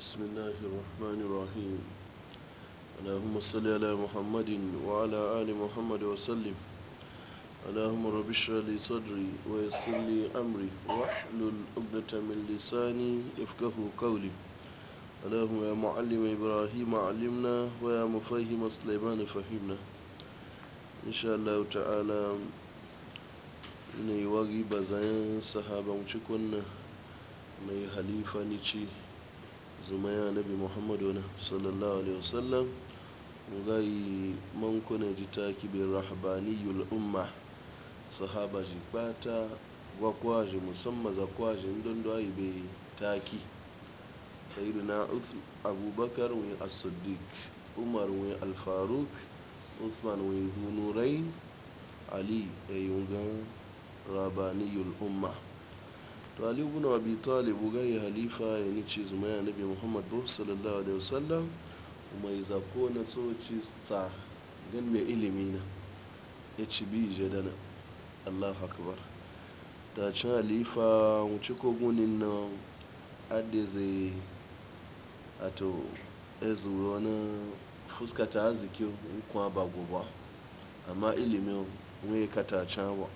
بسم الله الرحمن الرحيم اللهم صل على محمد وعلى آل محمد وسلم اللهم رب اشرح لي صدري ويسر لي أمري واحلل عقدة من لساني يفقه قولي اللهم يا معلم إبراهيم علمنا ويا مفهم سليمان فهمنا إن شاء الله تعالى ني واجب bazayan صحابه مشكون nan mai نيشي zuma ya nabi muhammadu na sallallahu alaihi wasallam yi mankuna ji taki bi rahabaniyul umma sahaba ji bata zakwaji musamman zakwaji don da yi bai taki na abubakar wani as-siddiq umar wani al-faruk usman wani hunurai ali a eh, yungan rabaniyul umma to ali ibn abi talib ugaye halifa ya nici zuma ya nabi muhammad sallallahu alaihi wasallam mai zako na tsoci ta gan mai ilimi na ya ci bi jadana allahu akbar ta ci halifa wuce kogunin na adda zai a to ya wani fuska ta arziki kuma ba goba amma ilimin wai ka ta cawa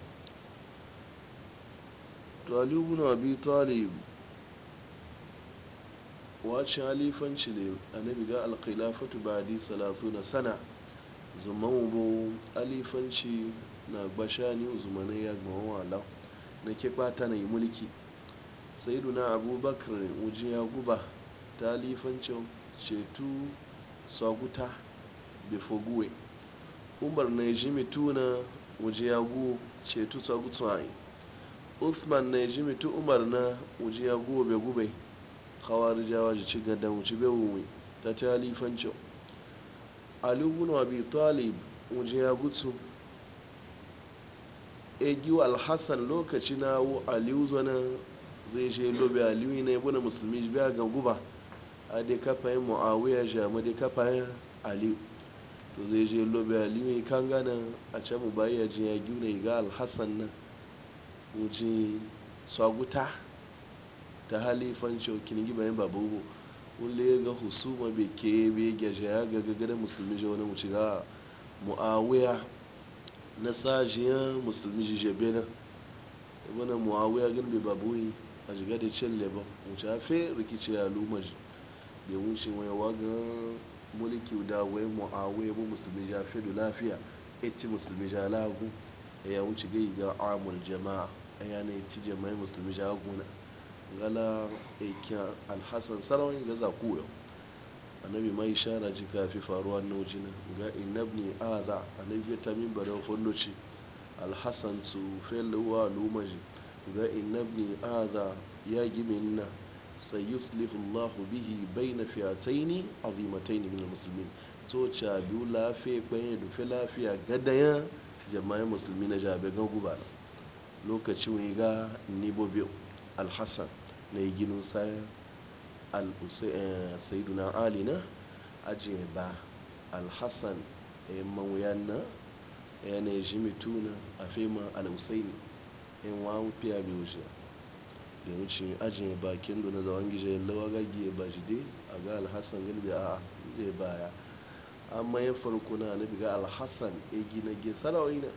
to ali ibn abi talib wace halifanci ne annabi ga alkhilafatu ba'di salasuna sana zuman bo halifanci na gbashani zumanai ya gbawa wala na ke kpata na yi mulki duna abubakar wujin ya guba ta halifancin cetu saguta befoguwe umar na yi jimi tuna wujin ya gu cetu saguta usman na ji tu umar na ujiya gobe gube jawa ji ci gada wuci be wuwi ta talifanci ali ibn abi talib ujiya gutsu egiyu alhassan lokaci na wu aliyu zana zai je lobe aliyu na ibn musulmi ji biya ga guba a dai kafayin muawiya ji a dai kafayin aliyu to zai je lobe aliyu kan gana a can mu bayyana ya gina na ga alhassan nan nci saguta ta halifanci cokin gima yin babu wule ga husuma be ke be gaje ya ga gagara musulmi je wani wuce ga muawiya na sajiyan musulmi je je bena wani muawiya gani be babu yi a jiga da cin leba wuce ya fe rikici ya luma be wuce wani wagan mulki da wai muawiya bu musulmi ya fe da lafiya ci musulmi je lagu e ya wuce ga amul jama'a ayani cije mai musulmi jaguna gala aikin alhassan sarawin ga zakuyo annabi mai ishara ji kafi faruwa na wajina ga inabni aza annabi ya tamin barewa fondoci alhassan su felowa lumaji ga inabni aza ya gimin na sayuslihu allahu bihi bai bayna fiyataini azimataini na musulmi. to cabi biyu lafiya bayan da lafiya gadaya jama'in musulmi na jabe gan gubana lokaci ga nibo be alhassan na yi iginu sayiduna eh, ali na ajiye ba alhassan en eh, mawuyan na yana eh, jimi tuna a fema alhussein en wawu piya bi wuce da wuce ajiye ba kendo na zawon gije lawa gaggi ya ba shi dai a ga alhassan gani da a zai baya amma ya farko na nufi ga alhassan ya gina gisarawa ina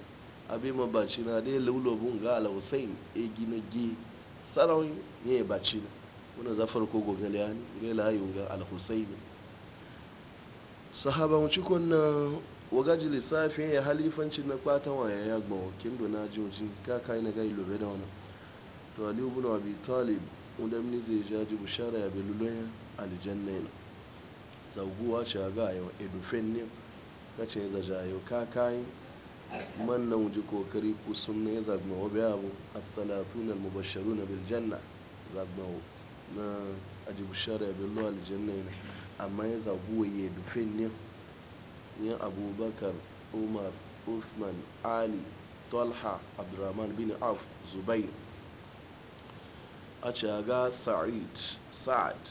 abin ma baci na dai lulubun ga ala hussein e gina gi sarawin ne baci na wani za farko gogal ya ni ga layu ga al hussein sahaba mu cikon na wagaji lissafi ya halifanci na kwata wa ya gbawo kindo na joji ka kai na gai lobe da wani to ali ibn abi talib wanda mini zai jaji bushara ya belulun aljanna ne zaguwa ce ga yau edufen ne kace zaja yau ka mannawnji kokari ಕುಸುಮ್ನೆ ಇದಾದ್ಮೇಲೆ ಬ್ಯಾವು الثلاثون المبشرون بالجنة ಇದಾದ್ಮೇಲೆ na na na ajibu shari'a bello aljanna ne amma ya zagu ya dufin ne ya abubakar umar usman ali talha abdurrahman bin af zubair a caga sa'id sa'ad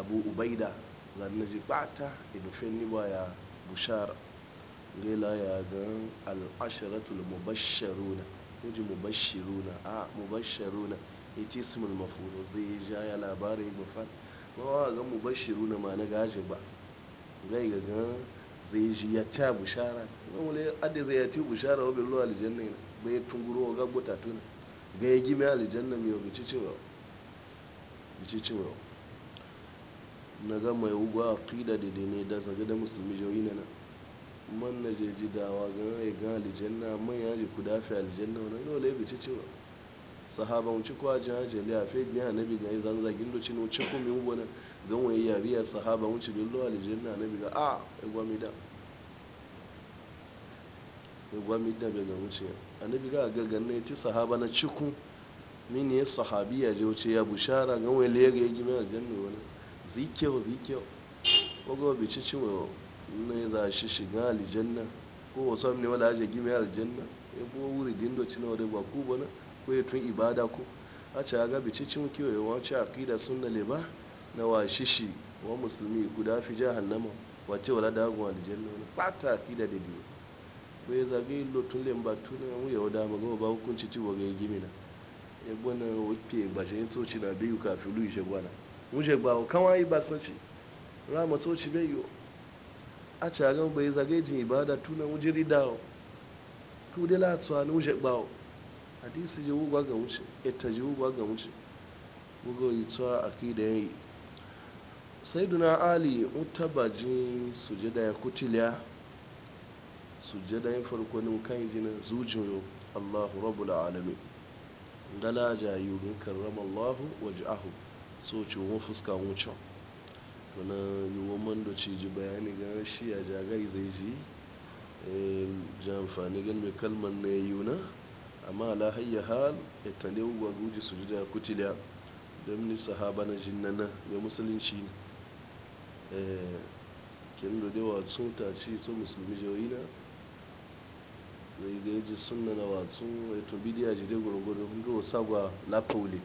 abu ubaida zanna ji bata idufin ba ya bushara ngela ya gan al'asharatul mubashsharuna ji mubashshiruna a mubashsharuna yace ismul mafulu zai ja ya labarin ba wa ga mubashshiruna ma na gaji ba zai ga gan zai ji ya ta bushara wule adda zai ya ta bushara wa billu aljanna bai tunguro ga tatuna ga gai gime aljanna mai bici cewa bici cewa na ga mai a aqida da ne da zage da musulmi jawina na man na je jidawa ga e ga alijanna man ku dafi alijanna wona ino le bici ciwa sahaba mu ji ajin ajali a fe biya nabi gan zan zagin do cinu ciko mi mu bona gan wai yariya sahaba mu ci billo alijanna nabi ga ah, a e gwami da e gwami da be ga mu ci annabi ga ga gan ne sahaba na ciku min ya sahabiya je wuce ya bushara gan wai le ga yi gimi aljanna wona zikyo zikyo ogo bici ciwa ne za shi shiga aljanna ko wasu amne wala aje gimi aljanna ya bo wuri dindo cina wada ba ku bana ko ya tun ibada ku a ce aga bici kiwo ya wace akida sunna ba na wa shishi wa musulmi guda fi hannama wace wala da gwa aljanna ne fata aqida da diyo ko ya zage lo tun le tun mu ya wada ba hukunci ci wa gimi na ya bona wuke ba je to ci na biyu kafin lu gwana mu ba so ci rama ci a gama bai zage jin ibada tunan wuji ridawo tu de la tsuwa ni wuce bawo hadisi ji wugwa ga wuce ita ji wugwa ga wuce wugo yi tsuwa a ki da yayi sai duna ali mutabajin sujada ya kutiliya sujada ya farko ni kan jinin zujiyo allahu rabbul Dalaja gala jayu min karramallahu waj'ahu so ci mu fuska mu Tona yuwomando chiji bayani ga shi a jagai zai ji eh, ji amfani gal me na ne yuna amma ala hayya hal ettande u gwaguji sujuda kutila domni sahaba na jinnana ya musulunci eh kendo de watsu ta ci to musulmi joyina zai ga ji sunna na watsu e to bidiya ji de gurgudu ndo sagwa la pauli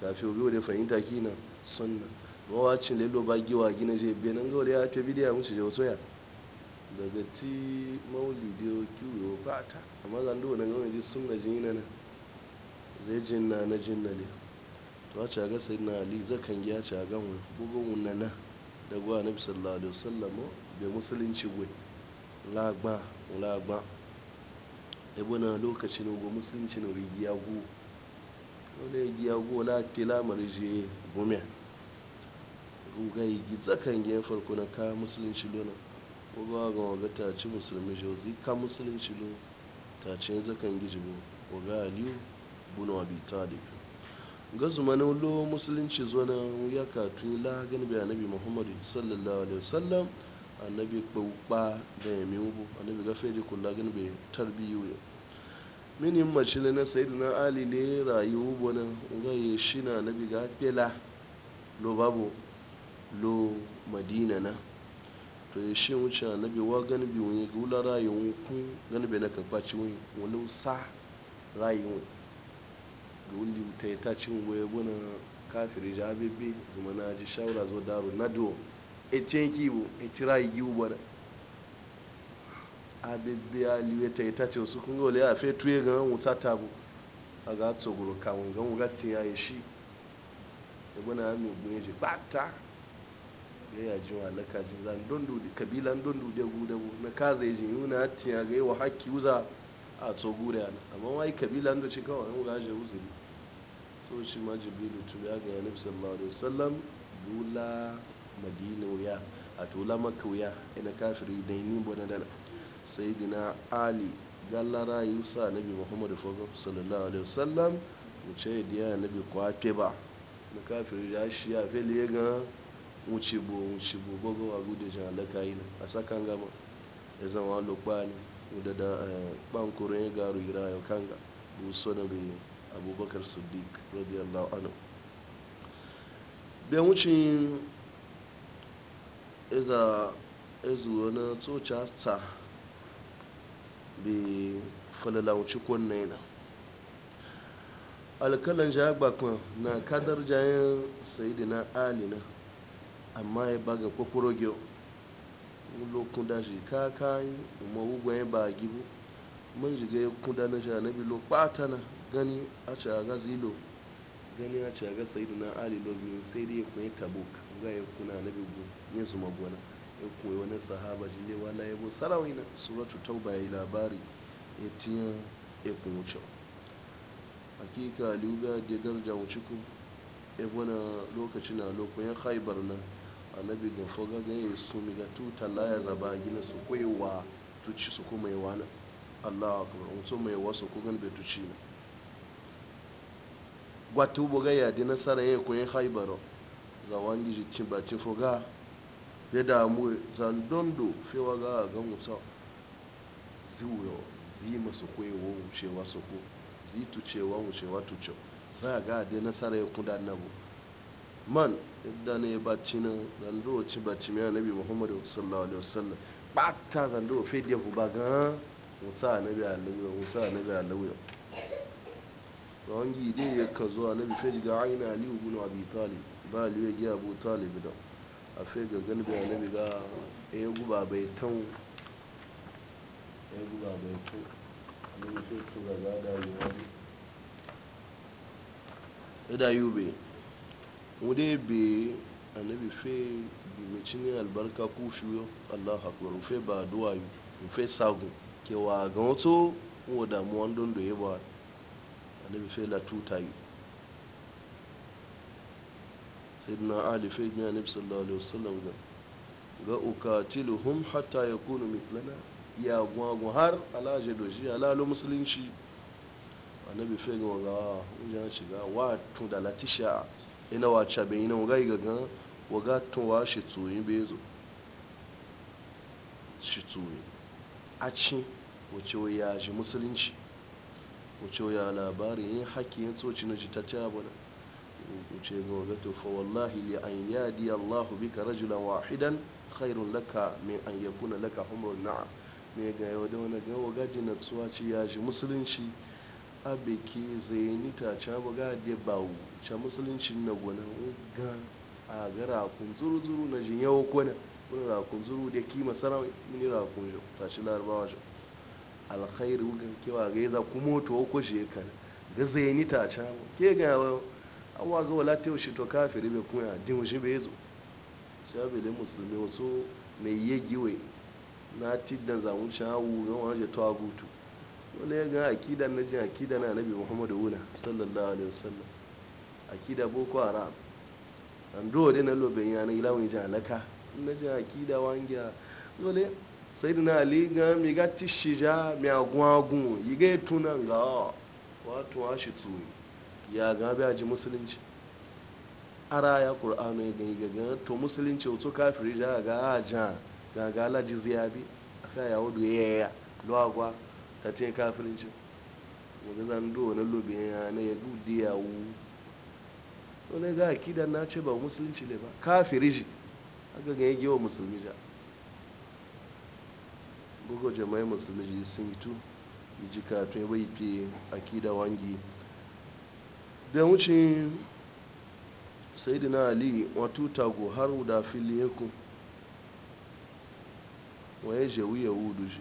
kafi obi da fahimta kina sunna mawacin wacin lelo bagi gina je be nan gole ya to bidiya musu je soya daga ti ya kiwo fata amma zan do gawar gama ji sunna jinina na zai jin na na ne to a caga sai na ali zakan a caga mu bugun na na da gwa na sallallahu alaihi sallama bai musulunci gwai lagba lagba ebona lokacin go musulunci na rigiya go wala rigiya go la kila marje gumiya Rugaigi tsakangeni farkona ka musulunchilona ga gama oga tace musulmi jo zika musulunchilo tace zakangi jibo oga aliyu bunu abi talib ga zumana lo musulunci zona ya katun la gani bi annabi muhammad sallallahu alaihi wasallam annabi kpawpa da yami ubu annabi ga feji kula gani bi tarbiyu ya mini macile na na ali ne rayu bona ga na annabi ga pela lo babu lo madina na to ye shin wuce annabi wa gani bi wani gula rayuwa kun gani bai na kakpa ci wani wani sa rayuwa ga wani ta yi ta cin waya gwana kafiri ja bebe zuma na ji shawara zo daro na do etin kiwo eti rayu giwu bana abebe aliwe ta yi ta ce su kun ga ya fe tuye ga wuta tabu a ga tsogoro kawun ga wuga ya shi ya gwana ya mai gune ji ba ta ge ya jũa na kaji zan dondu kabila dondu de gudu bu na kaza ji yuna tiya yi wa haƙƙi wuza a to gudu ana amma wai kabila da ci kawai mu ga je uzuri so shi ma jibrilu tu ya ga nabi sallallahu alaihi wasallam dula madina ya a tula makka ya ina kafiri yi ni na dana dina ali gallara yusa nabi muhammadu sallallahu alaihi wasallam mu ce diya nabi kwafe ba na kafiri ya shi ya fili ya ga wuchibo wuchibo bogo wagude jangada kayina asakanga mo eza na walo da udada eh, kpankoro ya garu ya kanga busono be abubakar siddiq radiyallahu anhu be wuce eza ezuwa na tsoca ta bi falala wuce kwanna yana alkalan jaya kuma na kadar jayan sayidina ali na Amma ya baga kokorogiyo lo kunda shi kakayi umma ya bagi bu mun shiga ya kunda na shi annabi lo kpata na gani a ci aga zilo gani a ci aga sayidu na ali lo biyu sai dai ya kunye tabuk ga ya kuna na gu ya zuma gwana. ya kunye wani sahaba shi le wala ya bu sarawi na suratu tauba ya labari ya tiya ya kun wuce hakika liyu ga da darja ku ya bana lokaci na lokacin haibar nan annabi ga foga ga ya su miga tu tuta laya zaba gina su kwaiwa tuci su kuma yi wani allah akbar mutum mai wasu kugan bai tuci na gwatu boga ya di nasara ya yi yi haibaro za wani jikin bacin foga ya damu zandondo fewa ga a gan musa ziwo zi masu kwaiwa wucewa su ku zi tucewa wucewa tucewa sai ga di nasara ya kun nabu man iddane baccina zando ci baccimiya nabi muhammadu sallallahu alaihi wasallam ɓatta zando fediya ba ga wuta nabi alawiya wuta nabi alawiya Ba wangi dai ya ka zuwa nabi fedi ga aina aliyu bin abi talib ba aliyu ya giya abu talib da a fe ga galbi a nabi ga ya guba bai tan ya guba bai tan nabi sai tura ga da yi wani da yi bai wode be anabi fe ne albarka ku fiyo allah akbar fe ba duwa yi sagu ke ga wato wa damuwa don da ya ba anabi fe la tuta yi sayyidina ali fe gina anabi sallallahu alaihi wasallam ga ga ukatiluhum hatta yakunu mitlana ya gwagwa har alaje doji musulunci anabi fe ga wajen ah, shiga da latisha ina wacha be ina waga gan waga tunwa shi tsuyi bezo shi tsuyi a ci wace ya shi musulunci wace ya labarin yin haƙƙi yin tsoci na jita ta abu na Wace ga waga to fa wallahi li an yadi allahu bika rajulan wahidan khairun laka min an yakuna laka humrun na'am Me ga yau da wani ga waga jina tsuwa ci ya shi musulunci abeki zai nita ca waga da bawu musulunci na gona ga rakun zuru-zuru na jin yawo kona wani rakun zuru da kima sarawai mini rakun jo tashi larabawa jo alkhairu ga kewa ga yaza ku moto ko shi kan ga zaini ta cha ke ga awa ga wala ta shi to kafiri bai kuma din shi bai zo shabe musulmi wasu mai yi giwe na tidda zamun shawu ga wani to tawagutu wani ga akida na jin akida na nabi muhammadu wuna sallallahu alaihi wasallam akida boko haram an do de na lobe yana ila wani jan laka na jan akida wangiya lole sai na ali ga mi ga tishija mi agwagun yi ga tunan ga ah, wato ashi tuni ya ga a ji musulunci ara ya qur'ano ya ga ga to musulunci to kafiri ja ga a ga ga la jizya bi aka ya wudu ya ya lo agwa ta ce kafirinci mu ga zan do na lobe na ya gudiya wu to ne ga akidan na ce ba musulunci ne ba kafiri ji aka ga yi wa musulmi ja bugu jama'ai musulmi ji sun yi tu yi ji karatu ya bai fi akida wangi da wuce sai na ali wato tago har da fili ya ku waye jawu ya wudu ji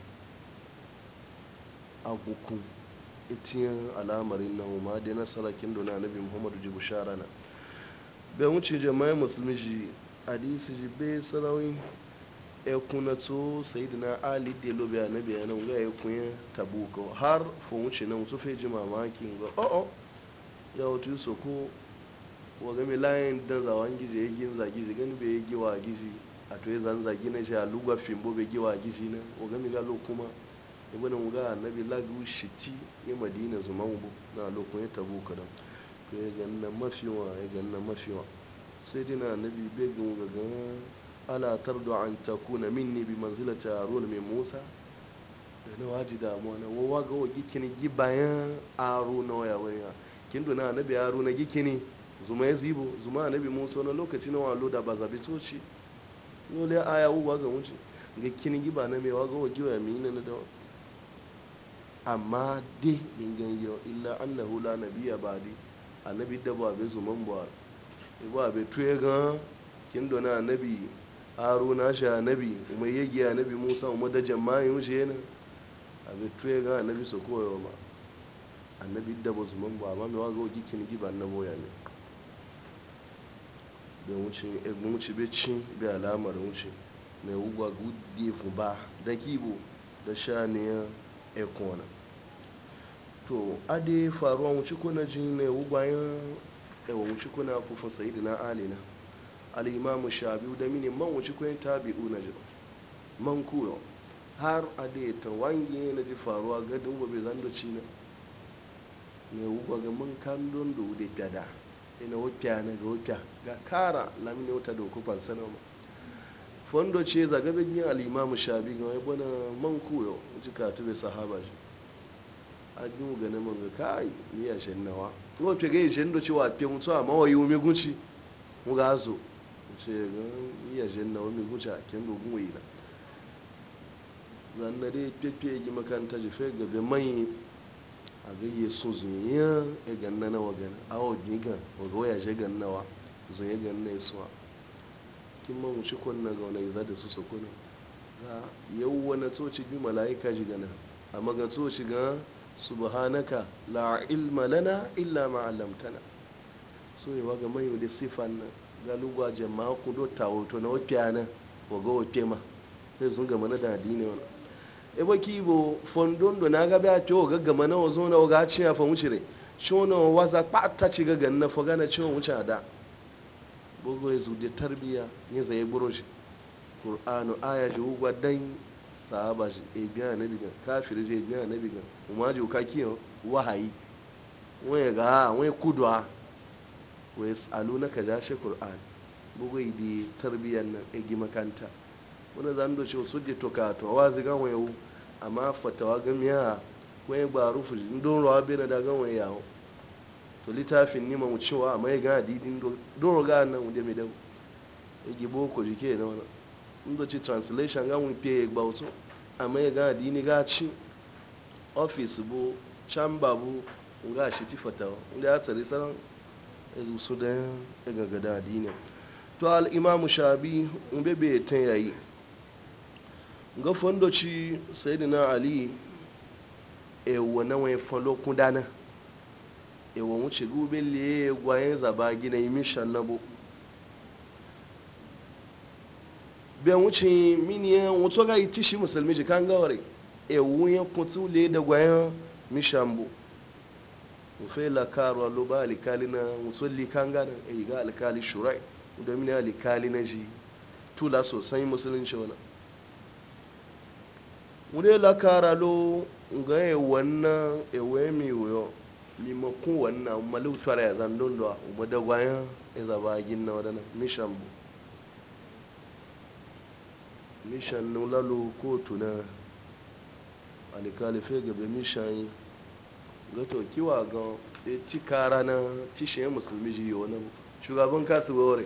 a kukun itiyan alamarin na umar da nasarakin dona nabi muhammadu jibu shara na bai wuce dze musulmi ji hadisi ji be ya ekuna to sayidina ali de lobe annabi yana ga ekunya tabuka har fo wuce na musu fai ji mamaki ga o'o oh, oh. ya wato so ko wa ga layin da zawan gizi ya e gina zagi gani bai e gi wa gizi a to e zan zagi na shi a lugwa fimbo bai gi wa gizi na wa ga galo kuma lo kuma ibn ga annabi lagu shiti ya madina zuma mu na lokun ya tabuka dan yeganna mafiwa yeganna sai sayidina na bi bai ga ala tardo an takuna minni bi manzilati arun mai musa da na waji damuwa na wawa ga wa kini gi bayan aro na waya waya kin dona bi aro na gikini zuma ya zibo zuma bi musa na lokaci na walo da ba zabi soci lole aya uwa ga wuce ga kini gi ba na me wa wagi wa mi na da amma dai in ganyo illa annahu la nabiyya ba'di annabi da ba be zuman ba ba be tuye ga kin dona annabi haruna shi annabi kuma yegi annabi musa kuma da jama'in shi yana a be tuye ga annabi su koyo ma annabi da ba zuman ba amma me wa ga gikin giba annabo ya ne be wuce egun wuce be cin be alamar wuce mai wugwa gudi ba da kibo da sha ne ya ekona to ade faruwa wuce na jin ne ugwayen ewa wuce na kufin sayidina ali na al'imamu sha biyu da mini man wuce kuna tabi'u na ji man kuyo har ade ta wange na ji faruwa gadin gobe zan da na ne ugwa ga man kan don da wude gada ina wupya na ga wupya ga kara lamini wuta da kufan sanarwa fondo ce zagabin yin al'imamu sha biyu ga wani man kuyo ji ka tube sahaba shi agimu gane manga kai miya shennawa ngo pege jendo ci wa pe mutso ma wa yumi guci muga zo ce ga miya shennawa mi guci a kendo gumu na. zan dare pepe ji makanta ji fe ga ga mai a ga yi sun ya e ganna na wa gana a wa ga wa ga ya je ganna wa zuya ganna suwa kin ma mu ci kunna ga wani za da su sokona ga yau wani tsoci bi mala'ika ji gana amma ga tsoci ga subhanaka la ilma lana illa ma 'allamtana so yi waga mai wuli sifan na galuwa jama'a ku do wato na nan wa waga wata ma sai sun gama na dadi ne wani e ba ki bo fondon do na gabe a ce ga gama na wazo na waga ci ya fa wuce re wa waza pata ci ga ganna fa gana ci wuce da bugu ya zude tarbiya ne zai buro shi qur'anu aya ji ugwa dan sahaba biya na biga kafiri je biga kuma ji umaji kiyo wahayi wani ga wani kudwa wai alu na ka jashe kur'an bugai bi tarbiyan nan egi makanta wani zan doce wasu je toka to wa zigan wani wu amma fatawa gamiya wani ba rufu don rawa bai na dagan wani yawo to littafin nima mu cewa mai ya gana didin don roga nan wuje mai dago egi boko jike na wani ndo ci translation ga mu pe gba amai ga adini ga ci ofis bu chamba bu ga shi ti fatawa inda ya tsari sanan su da daga gada adini to al imamu shabi umbe be tan yayi ga fondoci sayyidina ali ewo na wani falo kudana ewo wuce gube liye gwayen zaba gina yi mishan na bu bai wuce miniya wato ga iti shi musulmi ji kan gawari e wuyan kutu le da gwayan mishambo ufe la karo lo ba alikali na wato li kan gana e ga alikali shurai domin alikali na ji tula sosai musulunci wani wule la kara lo ga e wannan e we mi yo limakun wannan malu tare ya zan dondo a umma da gwayan e zaba gin na wadannan mishambo mishannu lalu na alikalife gabe mishan gato kiwa ga e ci kara na cishe musulmi ji wani shugaban katu gore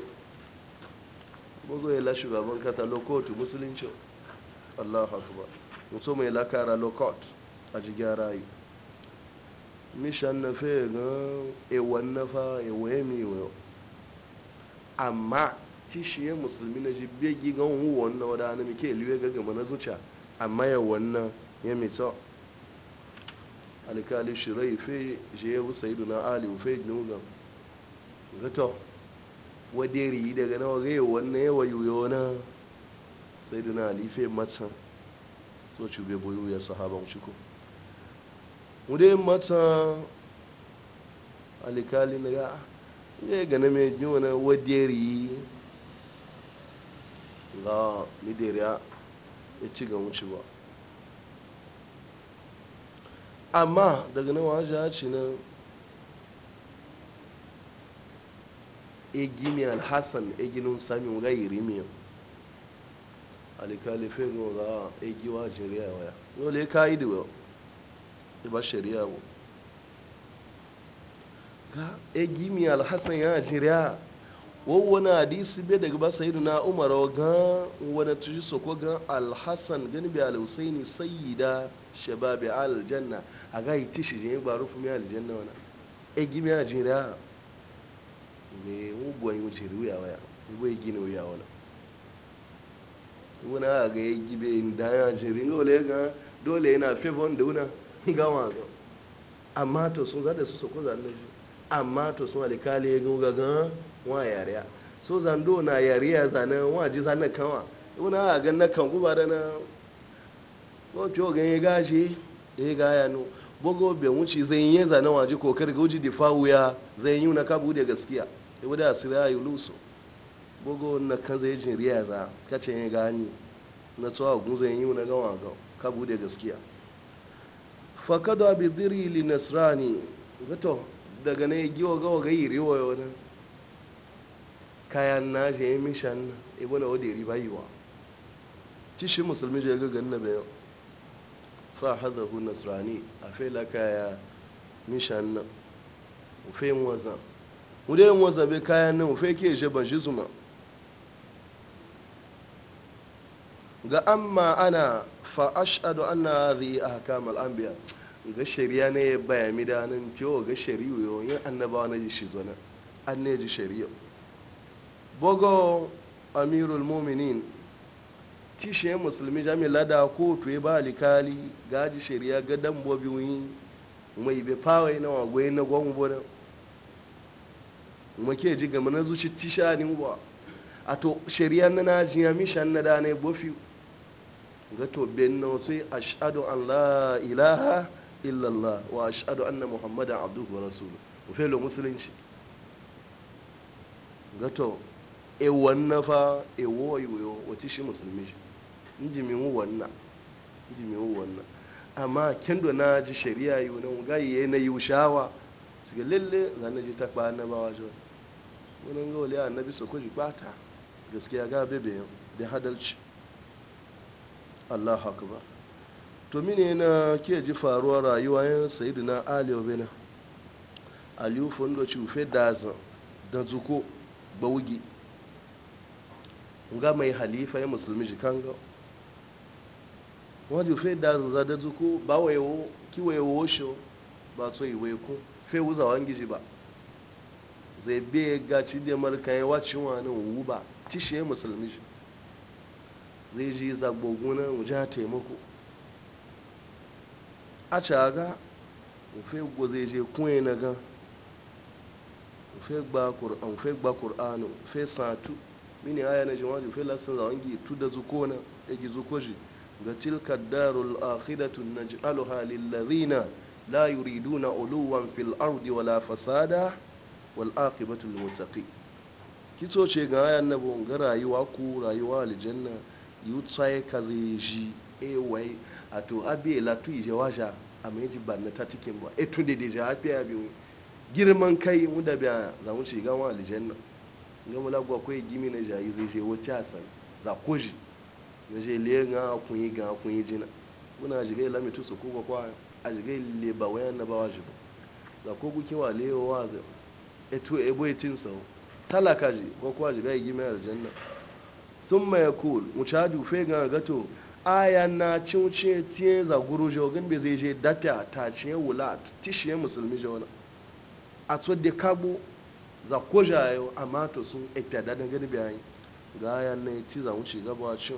bugu ya la shugaban kata lo kotu musulunci allah akbar musu mai lakara lo kot a ji gyara yi mishan na fe ga ewan na fa e mi amma tishiye musulmi na ji begi gan hu wannan wada na mike liwe ga gama na zuciya amma ya wannan ya mito. alkali shirai fe je ya wusa idu na ali fe nugan gato waderi daga nawa ga wannan ya wayo na sai duna ali fe matan so ci be boyu ya sahaban ciko mu dai matan alikali na ga ah, ya gana mai ji wani waderi la midiriya ya ci ga wuce ba amma daga nan wajen haci nan egini alhassan eginin samin gai rimiyan alikalifin ga a wajen riya waya dole ka yi da ba shari'a ba ga egini alhassan ya shari'a wani hadisi bai daga ba sayidu na umar gan wani tuji gan alhassan gani bi alhusaini sayyida shababi aljanna a ga yi tishi jini ba rufu mai aljanna wani e gimi a jira me muguwan yi jiri wuya waya ya yi gini wuya wani wani a ga yi gibe ya jiri ga wale ga dole yana fevon da wuna gawa ga amma to sun zada su soko zanne shi amma to sun alikali ya ga wa yariya so zando na yariya zane wa ji zane kawa wani a gan na kan guba da na wato gan ya gashi ya ya no bogo bai wuce zai yi zanen wa ji kokar wuce da ya zai yi na kabu bude gaskiya ya wuda ya yi luso bogo na kan zai jin riya za ce ya gani na tsawa gun zai yi na gawa ga kabu bude gaskiya fakada bidiri li nasrani gato daga na yi giwa gawa yi riwa wani kayan na ya yi mishan ibu na wadiri riba yi wa ci shi musulmi je ga ganna bayo fa haza hu nasrani a fela kaya mishan na ufe yin waza wuda yin waza bai kayan nan ufe ke je ban shi zuma ga amma ana fa ashadu anna hadhihi a al-anbiya ga shari'a ne ya bayami da nan kyau ga shari'a yin annabawa na ji shi zo na an ne ji shari'a bogo amirul muminin tishe musulmi Jami'a lada kotu ya ba alikali gaji shari'a ga dambobi wuyi mai bai fawai yana wagwai na gwamnati ke ji gama na zuci ni wa a to shari'a na na jiya mishan na dane bofi ga to benno sai ashadu an la ilaha illallah wa ashadu na muhammadan abdu wa rasuluhu mu felo musulunci ga to wannan fa ewoyo wati shi musulmi shi inji mi wu wanna inji mi wu wanna amma kendo na ji shari'a yi nan ga yi na yi shawa su ga lalle za na ji ta kpa annabawa jo wani ga wale annabi su kuji bata gaskiya ga bebe da hadalci allah akbar to mine na ke ji faruwa rayuwa yin sayidina aliyu bena aliyu fondo ci ufe dazan da zuko gbawugi nga mai halifa ya musulmi shi kanga wani fai da da zuku ba wa yawo kiwa yawo washe ba so yi waiku, fai wuza wani giji ba zai be ga ci da marka ya wacin wani wu ba tishe shi musulmi shi zai ji zagboguna wuja taimako a caga fẹ́ gwa zai je kuwa na gan fai gba Kur'anu. fẹ́ satu mini aya na jama'a fe lasan zawangi tuda zukona egi zukoji ga tilka darul akhiratu naj'aluha lil ladhina la yuriduna uluwan fil ardi wala fasada wal aqibatu lil muttaqin kito ce ga aya na bon ga rayuwa ku rayuwa aljanna yu tsaye kaze shi e wai ato abi la tu je waja ameji banna ta tikin ba e tunde de ja abi abi girman kai mu da biya za mu shiga wa aljanna gama lagwa kawai gimi na jayi zai je a san za ko shi na je le ga kun yi ga kun yi jina muna jiga ila mitu su ko kwa a jiga le ba wayan na ba wa za ko guke wa le wa za eto ebo tin sau talaka ji ko kwa jiga gimi aljanna thumma yakul muchadu fe ga gato aya na cince tiye za guru jogin bai zai je dafiya ta ciye wula tishiye musulmi na. a to de kagbo za ko yau amma to sun da dadan gani bayani ga ya ne ti za wuce gaba cin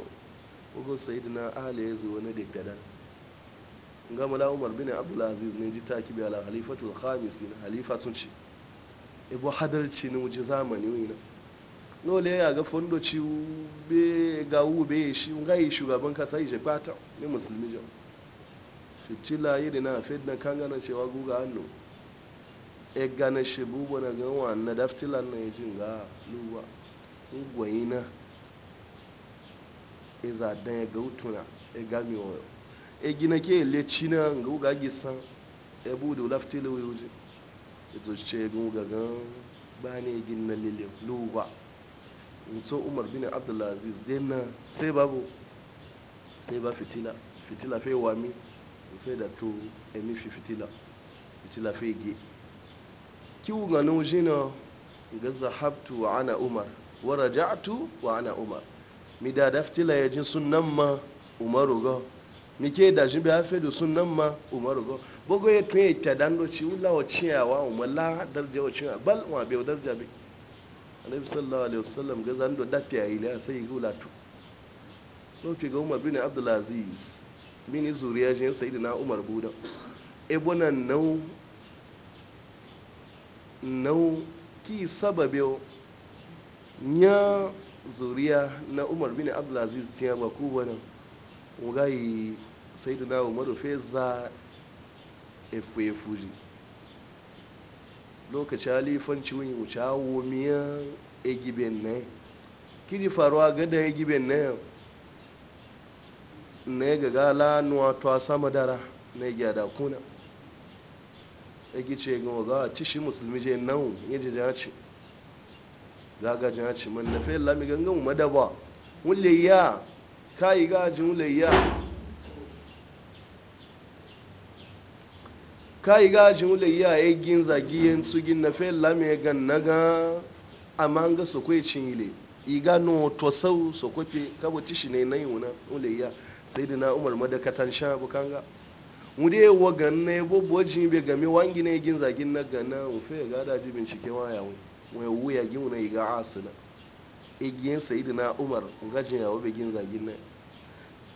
ugo sayyidina ali ya zo ne da ekta ga mala umar bin abdul aziz ne ji taki bi ala al khamis ne khalifa sun ci ibo ci ne wuce zamani wina Dole ya ga fondo ci be ga u be shi ga yi shugaban kasa je fata ne musulmi jo fitila yi da na fedna kangana cewa guga hannu e gane shi na gan wa na daftila na yi jin ga luwa ngwai na e za dan ya ga e gami mi oyo e gina ke le china nga gisa e budu laftila wi uji e to che gun ga gan ba ne na lele luwa so umar bin abdulaziz den na sai babu sai ba fitila fitila fe wami fe da to emi fi fitila fitila fe ge kiwu ganu jina ga zahabtu wa ana umar wa raja'tu wa ana umar mi da daftila ya ji sunan ma umaru ga mi ke da shi ba fi da sunan ma umaru ga bogo ya tun ya dan do ci wula wa ciyawa wa umarla darja wa ciyawa bal wa biyu darja bi annabi sallallahu alaihi wasallam ga zan do dafiya ila sai ga wula tu so ke ga umar bin abdulaziz bini zuriya jin na umar buda ebonan nau Nau ki sababe ya zuriya na umar bin abdulaziz tiya ba ku wani wugayi sai da na umaru feza efuye fuji lokaci halifanci wani wuce hawo egiben na ji faruwa gada egiben na na gaga lanuwa ta sama dara na gyada kuna egi ce ga za a ci shi musulmi je nan ya ji jaci za ga jaci man na fayin lami gangan madaba wulayya ka yi gajin wulayya ka yi gajin wulayya ya yi gin zagi yin su gin na fayin lami ya gan na ga a amma ga su kwai cin ile iga no to sau su kwafe kabo ci shi ne na yi wuna wulayya sai dina umar madakatan sha bukanga wuri wa ganna bobo jin be game wangi ne gin zagin na ganna mu ya ga da ji bincike ma ya wani wuya gin na iga asuna na sayyidina umar ga jin ya be gin zagin na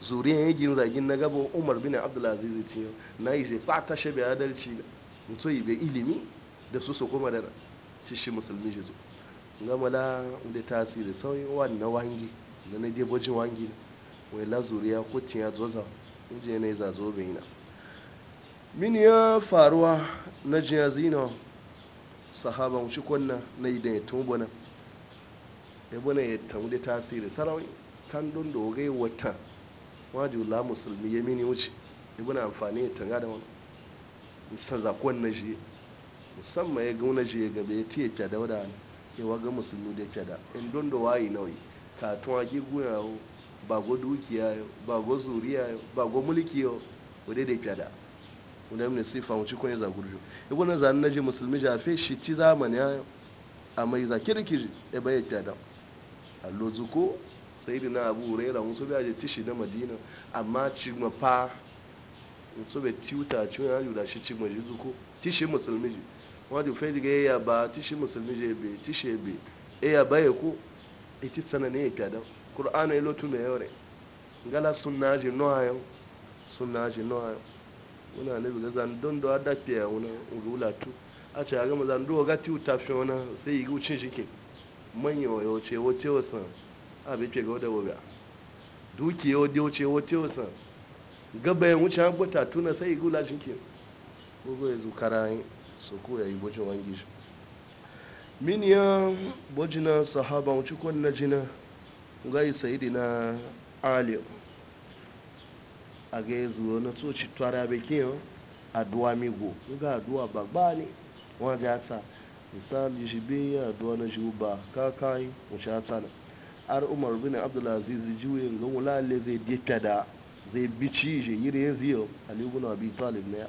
zuriyan ya gin zagin na gabo umar bin abdulaziz tiyo na yi fa ta shabe adalci mutu yi be ilimi da su su kuma da shi shi musulmi shi zo gamala da tasiri sauyi wani wangi da na dabojin wangi wai la zuriya ko tiya zoza inje ne zazo bai bai na min ya faruwa na jiyazina sahaba shi kwanna na idan ya tumbo na ya na ya tamu da tasiri sarawai kan don da wagai wata wajula musulmi ya mini wuce ya na amfani ya tanga da wani musan zakon na shi musamman ya gauna shi ya gaba ya tiye kyada wada ya waga musulmi da kyada in don da wayi nauyi katon ake ba bago dukiya bago zuriya bago mulki wadai da kyada wanda yamne sifa mu cikon za gurju ibo na je naji musulmi jafe shi ti zamani ya amma za kirki e baye tada allo zuko sayyidina abu hurairah musu bi aje tishi na madina amma ci ma pa. musu be tiuta ci na juda shi ci ma zuko tishi musulmi ji wadi fe diga e ya ba tishi musulmi je be tishi e be e ya baye ko iti e sana ne ya tada qur'ana ilo tun da yore ngala sunnaji no ayo sunnaji no ayo wani anabi ga a da da fiya wani rula tu a ce ga mazando ga ti uta fi wani sai yi gucin shike manya wa yau ce wace wasan a bai ke ga wadda wabiya dukiya wadda yau ce wace wasan gaba ya wuce an gwata tuna sai yi gula shike gogo ya zukara su ko ya yi bujin wangi shi min ya bujina sahaba wuce kwan na jina ga yi sayidina aliyu aga ezu na so ci twara be kiyan aduwa mi go ga aduwa bagba ne wa ja ta misali shi be ya na shi ba ka kai mu sha ta ar umar bin Abdul abdulaziz juwe ga wala le zai dikka ze zai bici je yire yanzu yau ali ibn abi talib ne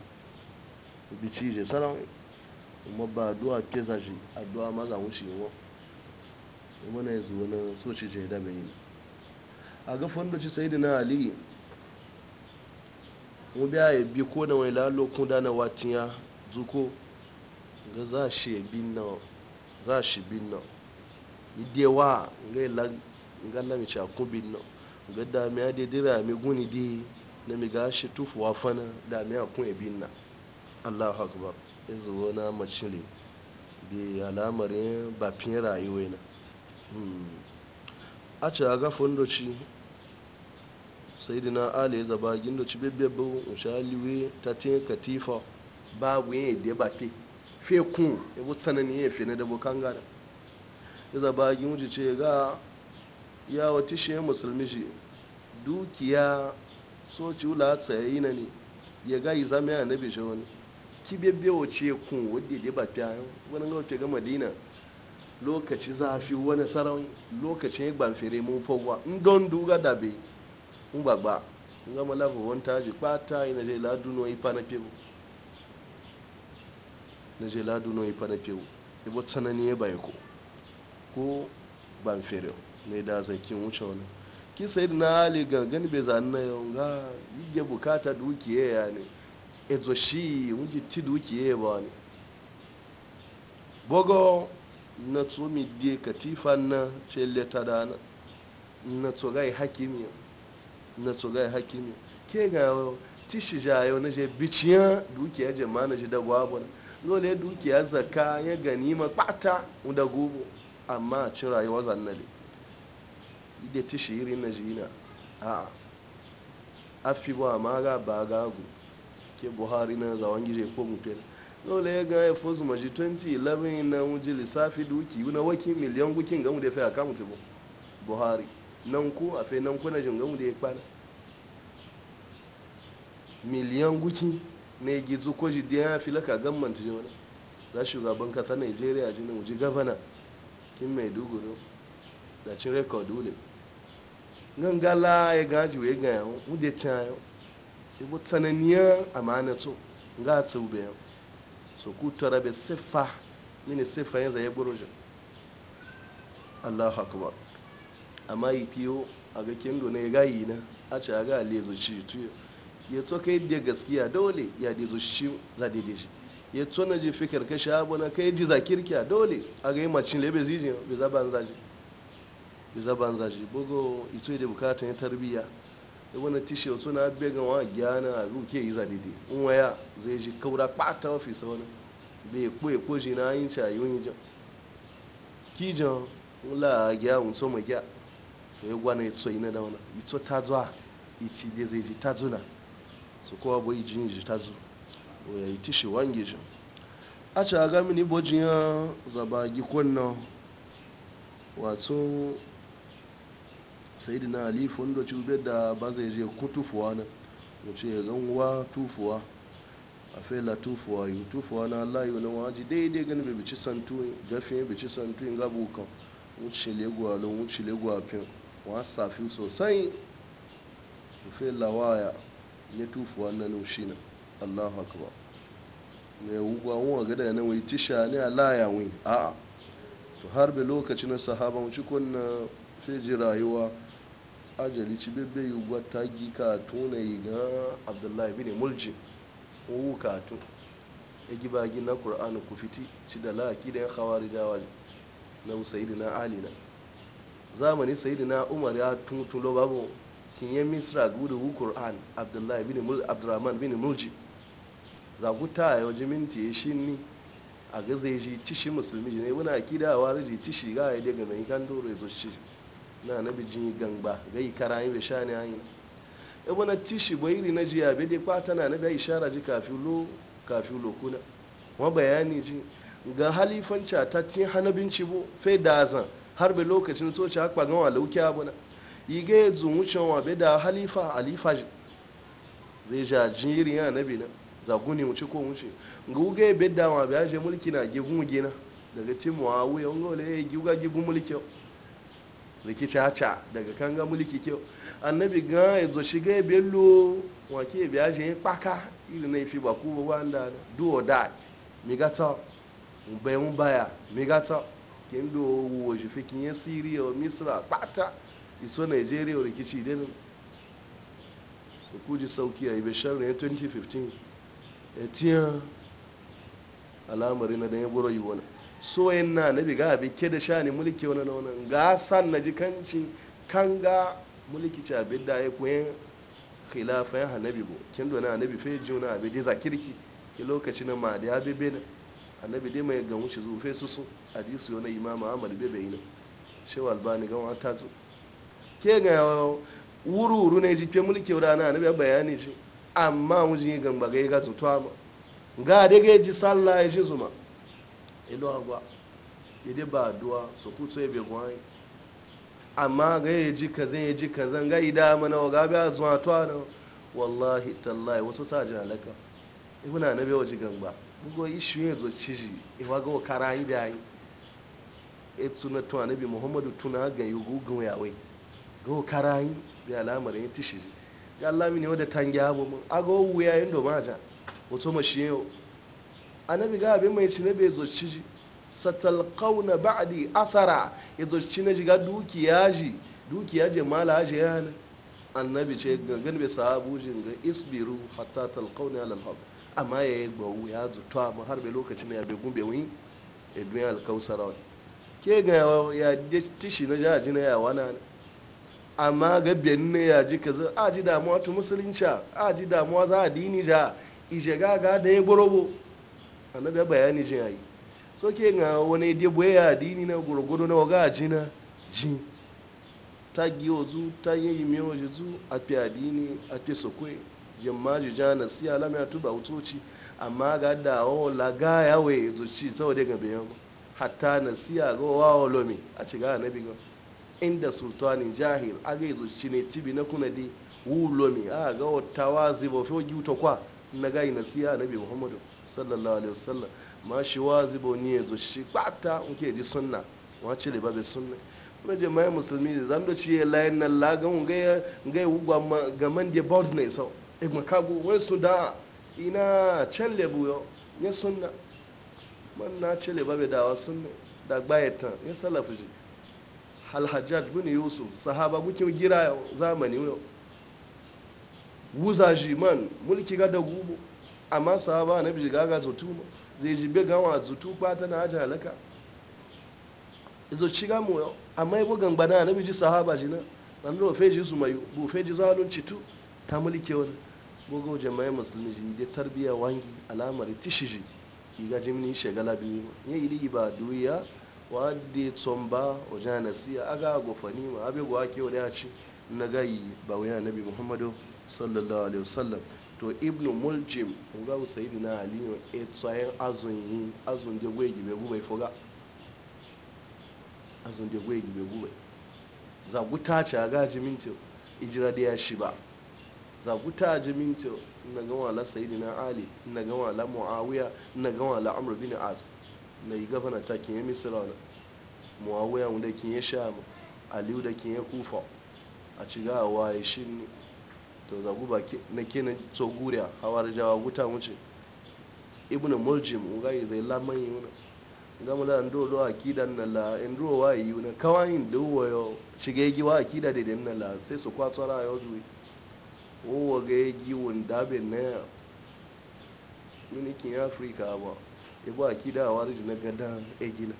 bici je salam kuma ba aduwa ke sa shi aduwa ma za mu ci yawa kuma na yanzu wani so ci je da bai a ga fondo ci sayyidina ali mu biya ye bi ko da wani lalo da na ya zuko ga za shi bin na za shi bin na ni dai wa ngai ga na mi cha ku bin na ga da mi ade dira mi guni di na mi ga shi tufu wa fana da mi a kun ye bin na allahu akbar izu e wani macile bi alamarin bafin rayuwa na hmm. a ce a ga fundoci na ali ya zaba gindo ci bebe bu ushaliwe ta ce katifa babu yin da ba fe fe kun ya bu tsanani ya fi na da kan gada ya zaba gindo ce ga ya wata shi musulmi shi dukiya so ci wula tsayayi na ne ya ga yi zama ya nabi shi wani ki bebe ce kun wadda da ba fe wani ga wata ga madina lokaci zafi wani sarauni lokacin ya gbanfere mu fowa don duga dabe ngbagba ngama la vowantage kpata ina je la duno ipa na pewu na je la duno ipa na pewu ibo tsanani ya bai ko ko ban fere ne da zakin wuce wani ki sai na ali gangan bai zan na yau ga yige bukata dukiye ya ne ezo shi wuji ti dukiye ba ne bogo na tsumi die katifan na ce leta da na na tsogai hakimi na tsoga hakimi ke ga tishi yau na je biciya dukiya jama'a na je da ne. dole dukiya zaka ya gani ma kwata da gobo amma a ci rayuwa zannale da tishi irin na jina a afi ba ma ga ba gu ke buhari na zawon gije ko mutum dole ya ga ya fozu maji 2011 na wuji lissafi duki na waki miliyan gukin gamu da ya fi a kamutu buhari nanko afe nankuna jingamu da ya kpana miliyan guki na gizo ko ji da ya fi ka gamman ta jona za shugaban kasa nigeria ji na wuji gavana kin mai duguro da cin rekod wule gangala ya gaji wa ya gaya yawon wude ta yawon ibu tsananiyar amana to ga wube yawon so ku tara bai siffa mini siffa yanzu ya burujin allahu akbar amma ikiyo a ga kendo na ga yi na a ce a ga lezo shi tuyo ya to kai da gaskiya dole ya lezo shi za da shi ya to na ji fikar ka sha na kai ji zakirkiya dole a ga yi macin lebe zijin bai zaba an zaji bai zaba an zaji bugo ito da bukatun ya tarbiya da wani tishe wasu na began wa gyana a ruke yi za daidai in waya zai ji kaura kwata mafi sauran bai koya ko shi na yin shayi wani jan kijan wula a gya wunso so ma gya ya gwana itso ina da zuwa itso ci ichi zai ji tazuna su kowa bai iji ni ji zu o ya yi shi wange ji a ci a gami ni bojin ya zaba gikon nan wato na alifin da ci ube da ba zai je ku tufuwa na wace ya ganwa tufuwa a fela tufuwa yi tufuwa na allah na wani waji daidai gani bai bici santu gafi bici santu in gabu kan wuce leguwa lon wuce leguwa fiye wasafi sosai rufe lawaya ya tufu na nushi na allahu akbar ne wugwa wuwa gada da wai tisha ne a laya wai a'a to har bai lokaci na sahaba mu ci kun feji rayuwa ajali ci bebe yugwa ta gi ka tuna yi ga abdullahi bin mulji ka tun ya e gi bagi na ku fiti ci da laki da ya jawa na usaidina na alina zamani sayidina umar ya tuntunlo babu kinye misra gudu hukur an abdullahi bin abdurrahman bin mulji za ku ta yau jiminti ya shi ni a gaza ya ji tishi musulmi ne muna kida wa rije tishi ga ya daga mai kan doro ya zo shi na na jini gangba yi kara yin bisha ne ayi ibn e tishi bayri na jiya bai de kwata na na ga ishara ji kafin lo kafin lo kuna wa bayani ji ga halifan ta tin hanabin cibo fai dazan har bai lokacin soci haka gan walaukiya bana yi ga ya zumucin wa bai da halifa halifa zai ja jiri ya nabi na zaguni wuce ko wuce ga wuga ya bai da wa bai aje mulki na gigun gina daga cin muawiya wani wale ya yi giga gigun mulki rikici haca daga kanga mulki kyau annabi ga ya zo ga ya bello wake ya biya shi ya kpaka iri na ifi ba ku ba wanda do or die bai bayan baya migata Kin kendo waje fikin ya siriya wa misra kwata iso nigeria rikici denin su kuji sauki a ibe shan ne 2015 etiyan alamari na dan ya buro yi wani so yin na na biga abi ke da sha ne mulki wani na wani ga san na jikanci kan ga mulki ci abin da ya kuyen khilafayen hanabi bo kin dona hanabi fe juna abin da za kirki ki lokaci na ma da ya bebe na annabi dai mai ga wuce zufe su su hadisi wani imam ahmad bebe ina shehu albani gan wata zo ke ga wuru wuru ne jike mulki rana na bai bayani shi amma mu ji gan baga ga zo to amma ga daga ji sallah ya shi zuma ilo agwa ide ba duwa su ku ya be amma ga ya ji kaza ya ji kaza ga ida mana ga ba zuwa to na wallahi tallahi wasu sa ji halaka ibuna na bai waje gan ba bugo ishu ya zo ciji iwa ga yi da yi etsuna tun anabi muhammadu tuna ga yugu gun yawe go karayi bi alamar yin tishiri ga Allah mini wadda tangi abu mun ago wuya yin doma aja, wato mashi yau anabi ga abin mai cine bai zo ciji satalqauna ba'di athara yazo cine ji ga dukiya ji dukiya je mala je yana annabi ce gangan bai sahabu jin ga isbiru hatta talqauna alal hab amma ya yayi gbawu ya zuta mu har bai lokacin ya bai gumbe wani e duniya alkausara wani ke ga ya tishi na jaji na yawa na amma ga biyan na ya ji kaza a ji damuwa tu musulunci a ji damuwa za a dini ja ije gaga da ya gorobo annabi ya bayani jin yayi so ke ga wani debo ya dini na gurgudu na waga ji na ji ta giyo zu ta yi miyo zu a fi adini a fi sokwe yamma ji ja na siya lamya tuba wutoci amma ga dawo lagaya wai zuci saboda ga ba hatta nasiya ga wawa lomi a shiga na bigan inda sultani jahil aga yi zuci ne tibi na kuna di wu lomi a ga wata wa zibo fi wagi wuta kwa na nasiya na bi muhammadu sallallahu alaihi wasallam ma shi wa zibo ni ya zuci kwata nke ji sunna wa bai sunna da zan da man na cele babe dawa sun da gbayatan ya salafu ji halhajjaj bin yusuf sahaba gukin gira zamani yau wuza ji man mulki ga da gubo amma sahaba na bi gaga zutu zai ji be gawa zutu kwata na aja halaka izo ci ga mu amma yabo gangbana na bi ji sahaba ji na nan da ji su mai bu feji zalunci tu ta mulki wani gogo jama'a musulmi ji da tarbiya wangi alamar tishiji kiga jimni shagala bi nye ili ba duya wa de tsomba o jana siya aga go fani ma abe go wani wada ci na gayi ba wani annabi muhammadu sallallahu alaihi wasallam to ibn muljim ga usaidi na aliyu e tsayen azun yi azun de gwe gibe gube foga azun de gwe gibe gube za guta ci aga jiminto ijira da ya shi ba za guta jiminto na gawa la sayyidina ali na gawa la muawiya na gawa la amr bin as na yi gafana ta kinye misira na muawiya wanda kinye sham aliyu da kinye kufa a ci ga waye shi ne to zagu ba ke na kenan tsoguriya hawar jawa guta wuce ibnu muljim uga yi zai laman yi wuna gama da ndo lo akida na la ndo wa yi wuna kawai ndo wa yo shige gi wa akida da na la sai su kwatsa rayuwa zuwa wo ga ya giwon dabin na ya minikin afirka ba ibu ba kida a wari na gada egina gina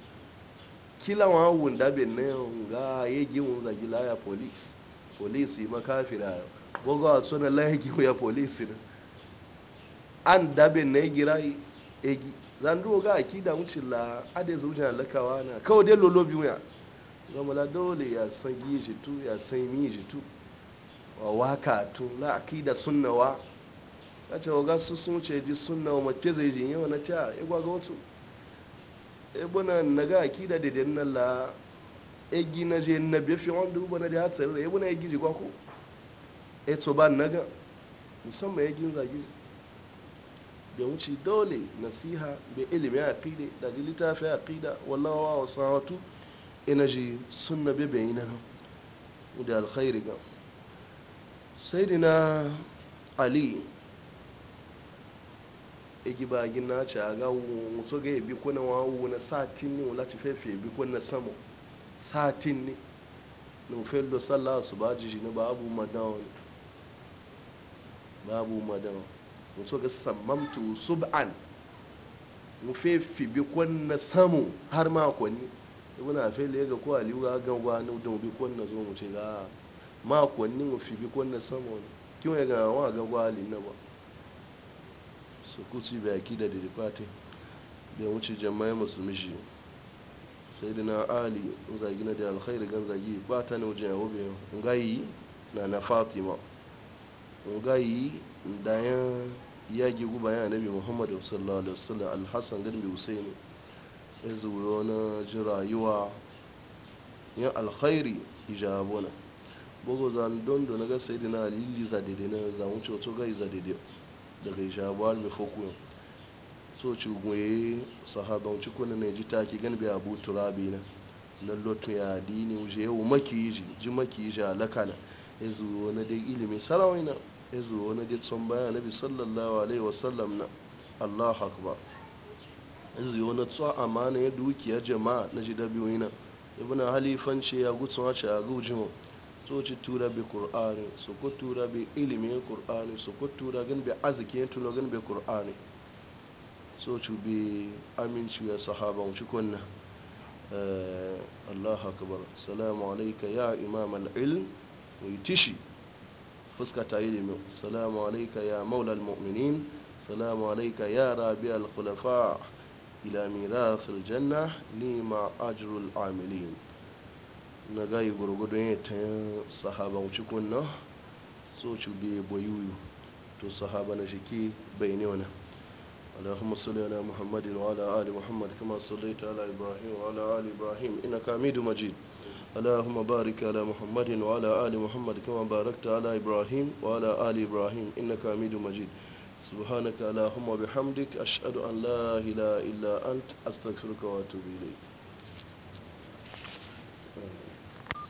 kila wa wun dabin na ya ga ya giwon za gila ya polis polis yi makafira ya gogo a tsona la ya giwo ya polis na an dabin na ya gira ya gi zandu ga a da wucin la adai zuwa lakawa na kawai dai lolo biyu ya la dole ya san gishi tu ya san mi shi tu waka to na akida sunnawa a ce waga su sun ce ji sunna wa ke zai ji yawa na ta igwa e ga wasu ebuna na ga akida da dan na la egi na je na fi wanda dubu na da tsari da ebuna egi ji kwako e to ba na ga musamman egin zagi da wuce dole nasiha bai ilimi a akida da ji littafi a akida wallawa wasu hawatu ina e ji sunna bebe yi na da alkhairi gan sayidina ali igibagin na ci a gawo mutu ga yabi kuna wawo na satin ne wula ci fefe ko kuna samu satin ne na ofin da sallah su ba jiji na babu madawa babu madawa mutu ga samamtu sub'an mu fefe bi na samu har makonni ibn afil ya ga ko aliyu ga gangwa na don bi kuna zo mu ce ga makonnin kɔni o fi bi kɔnna sama ki wani ga wa ga gwali na ba su kuci bai aki da dede fati da wuce jama'a masu mishi sai da na ali zagi na da alkhairu gan zagi ba ta na wajen yawo bai ngayi na na fatima ngayi ya yagi guba ya nabi muhammadu sallallahu alaihi wasallam alhassan gan bi husaini ya zuwa na ji rayuwa yin alkhairi ijabuna bogo za dondo na ga sayidina ali li za dede na za mu coto ga za dede daga jabar mi foku so ci goye sahaban ci kuna na ji taki gan bi abu turabi na na lotu ya dini wuje yau maki ji ji lakana. Ya alaka na ezu wani dai Ya sarawai na ezu wani dai na baya sallallahu alaihi wasallam na allah akbar ezu wani tsa amana ya dukiya jama'a na ji dabi wani na ibn halifanci ya gutsuwa ci a gujin soci tura be su soko tura be ilimin su soko tura gan be azikin tulo gan kur'ani so soci be aminci ya sahaba wuce kunna eh, Allah akbar salamu alaika ya imam al'il mai tishi fuska ta ilimin salamu alaika ya maulal mu'minin salamu alaika ya rabi al-khulafa ila mirafil janna ni ma ajrul amilin na gaya gwargwado ne ta yin sahaban cikin nan so ci be bayuyu to sahaba na ke bai ne wani allahumma salli ala muhammadin wa ala ali muhammad kama sallaita ala ibrahim wa ala ibrahim ina kamidu majid allahumma barik ala muhammadin wa ala ali muhammad kama barakta ala ibrahim wa ala ali ibrahim ina kamidu majid subhanaka allahumma bihamdik ashhadu an la ilaha illa an astaghfiruka wa atubu ilayk